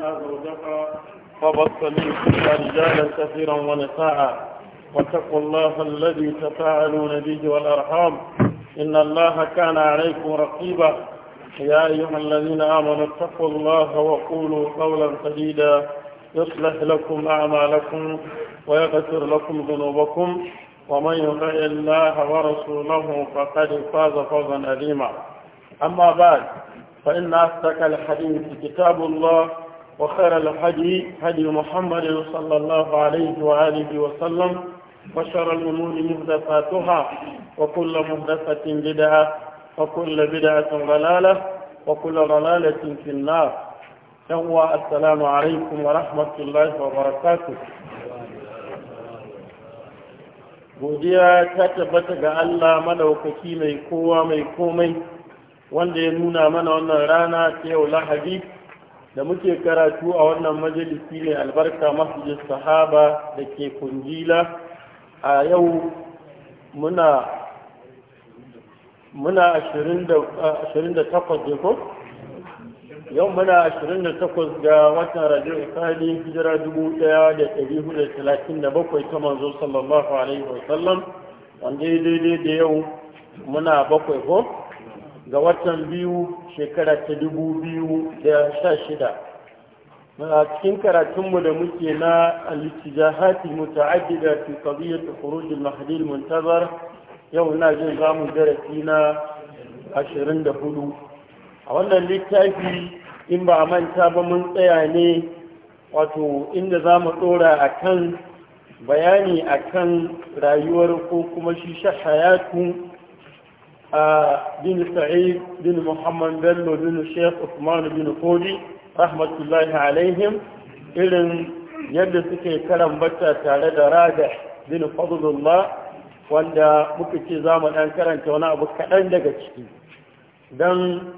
هذا زوجها فبص منكم رجالا كثيرا ونساء واتقوا الله الذي تفاعلون به والأرحام إن الله كان عليكم رقيبا يا أيها الذين آمنوا اتقوا الله وقولوا قولا سديدا يصلح لكم أعمالكم ويغفر لكم ذنوبكم ومن يطع الله ورسوله فقد فاز فوزا أليما أما بعد فإن أصدق الحديث كتاب الله وخير الحدي هدي محمد صلى الله عليه وآله وسلم وشر الأمور مهدفاتها وكل مهدفة بدعة وكل بدعة غلالة وكل غلالة في النار يوى السلام عليكم ورحمة الله وبركاته godiya ta tabbata ga Allah madaukaki mai kowa mai komai wanda ya nuna mana wannan rana ta yau lahadi da muke karatu a wannan majalisi ne albarka masjid sahaba da ke kungila a yau muna muna 28 da ko? yau muna 28 ga watan rajin ikali hijira 1437 ta manzo sallallahu alaihi wasallam wanda daidai da yau muna bakwai ko? ga watan biyu shekara ta dubu biyu da sha shida a cikin karatunmu da muke na al-ittijahati muta'addida fi qadiyyat khuruj al-mahdi muntazar yau na jin zamu darasi na hudu. a wannan littafi in ba a manta ba mun tsaya ne wato inda za mu tsora a kan bayani a kan rayuwar ko kuma shi shahayatu A سعيد بن bin بن Bello, الشيخ عثمان بن فودي رحمة الله عليهم إذن yadda suke karambata tare da rada, bin fadlullah wanda muka ce za mu ɗan karanta wani abu kaɗan daga ciki Dan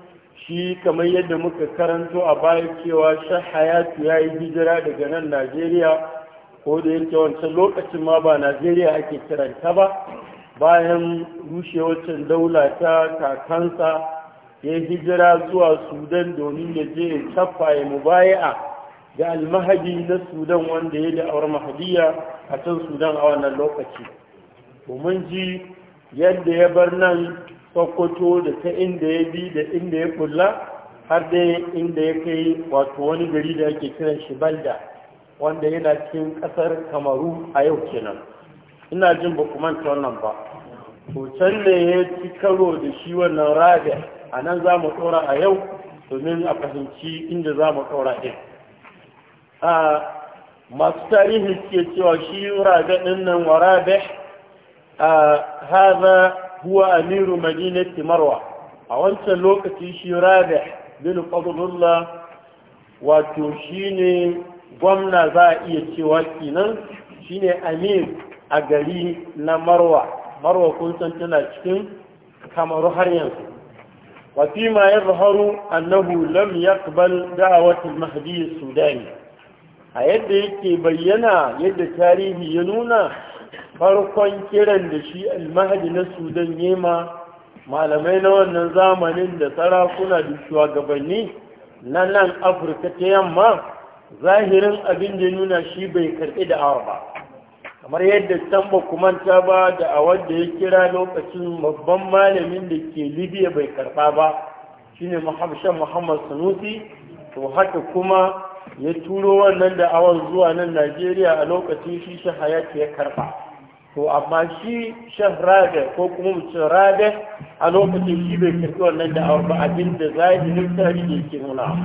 shi kamar yadda muka karanto a baya cewa shahayatu ya yi hijira daga nan najeriya ko da yake wancan lokacin ma ba najeriya ake kiranta ba bayan rushewacin daula ta kakansa ya hijira zuwa sudan domin ya je ya mu ya mubaya'a ga almahadi na sudan wanda ya da'awar mahadiya a can sudan a wannan lokaci domin ji yadda ya bar nan sokoto da ta inda ya bi da inda ya kulla har da inda ya kai wato wani gari da ake kiran shi balda wanda yana cikin kasar kamaru a yau kenan ina jin ba ku manta wannan ba to can ne ya ci karo da shi wannan rabia a nan za mu tsora a yau domin a fahimci inda za mu tsora ɗin a masu tarihi suke cewa shi rabia ɗin nan wa rabia a haza huwa amiru madinati marwa a wancan lokaci shi rabia bin fadlullah wato shi ne gwamna za a iya cewa kenan ne amir a gari na marwa marwa kun san tana cikin kamaru har yanzu wafi ma ya zaharu annahu lam yaqbal da'awatul mahdi sudani a yadda yake bayyana yadda tarihi ya nuna farkon kiran da shi Al-Mahdi na sudan yema malamai na wannan zamanin da sarakuna da shugabanni na nan afirka ta yamma zahirin abin da nuna shi bai karɓi da ba. kamar yadda can ba ba da a da ya kira lokacin babban malamin da ke libya bai karba ba shine mahabshan muhammad sanusi to haka kuma ya turo wannan da awon zuwa nan najeriya a lokacin shi hayati ya karba to amma shi shan rabe ko kuma mutum rabe a lokacin shi bai karfi wannan da awon ba abin da zahirin tarihi ke nuna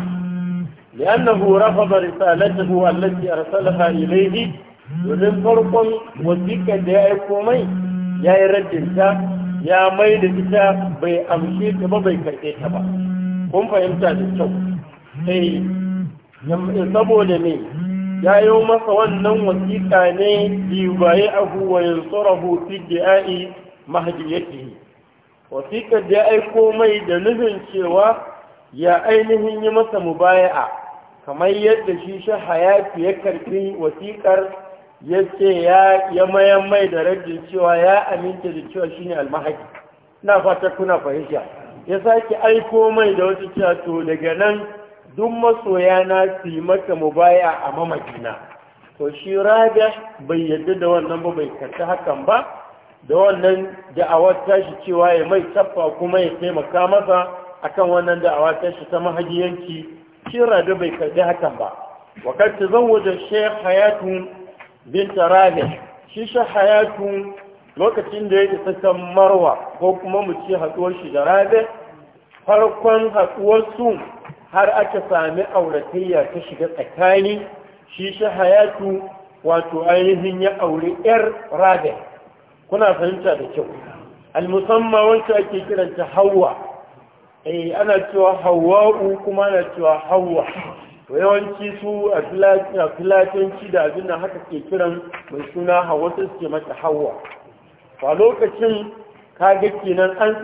لأنه رفض رسالته التي أرسلها إليه wajen farkon wasiƙar da ya aiko mai ya yi ta ya mai da ita bai amshe ta ba bai karɓe ta ba kun fahimta da kyau sai eh, saboda ne ya yi masa wannan wasiƙa ne libaye abu wa da fi da'i yi. wasiƙar da ya aiko mai da nufin cewa ya ainihin yi masa mubaya'a kamar yadda shi Hayati ya karfi wasiƙar ya ce ya mayan mai da rajin cewa ya aminta da cewa shi ne almahaki na fata kuna fahimta ya sake aiko mai da wasu cewa to daga nan duk masoya na su yi maka baya a mamakina to shi raga bai yadda da wannan ba bai karta hakan ba da wannan da'awar tashi cewa ya mai taffa kuma ya taimaka masa akan wannan da'awa tashi ta mahajiyanci shi raga bai karta hakan ba wakar ta zan wajen hayatun Binta tarabih shi shi hayatu lokacin da ya isa can ko kuma mu ce haɗuwar shi da rabe farkon haɗuwarsu har aka sami auratayya ta shiga tsakani shi shi hayatu wato ainihin ya aure yar rabe kuna fahimta da kyau almusamma wancan ake kiranta hawa eh ana cewa hawa'u kuma ana cewa hawa to yawanci su a filatanci da abin da haka ke kiran mai suna hawa su suke mata hawa a lokacin kaga kenan an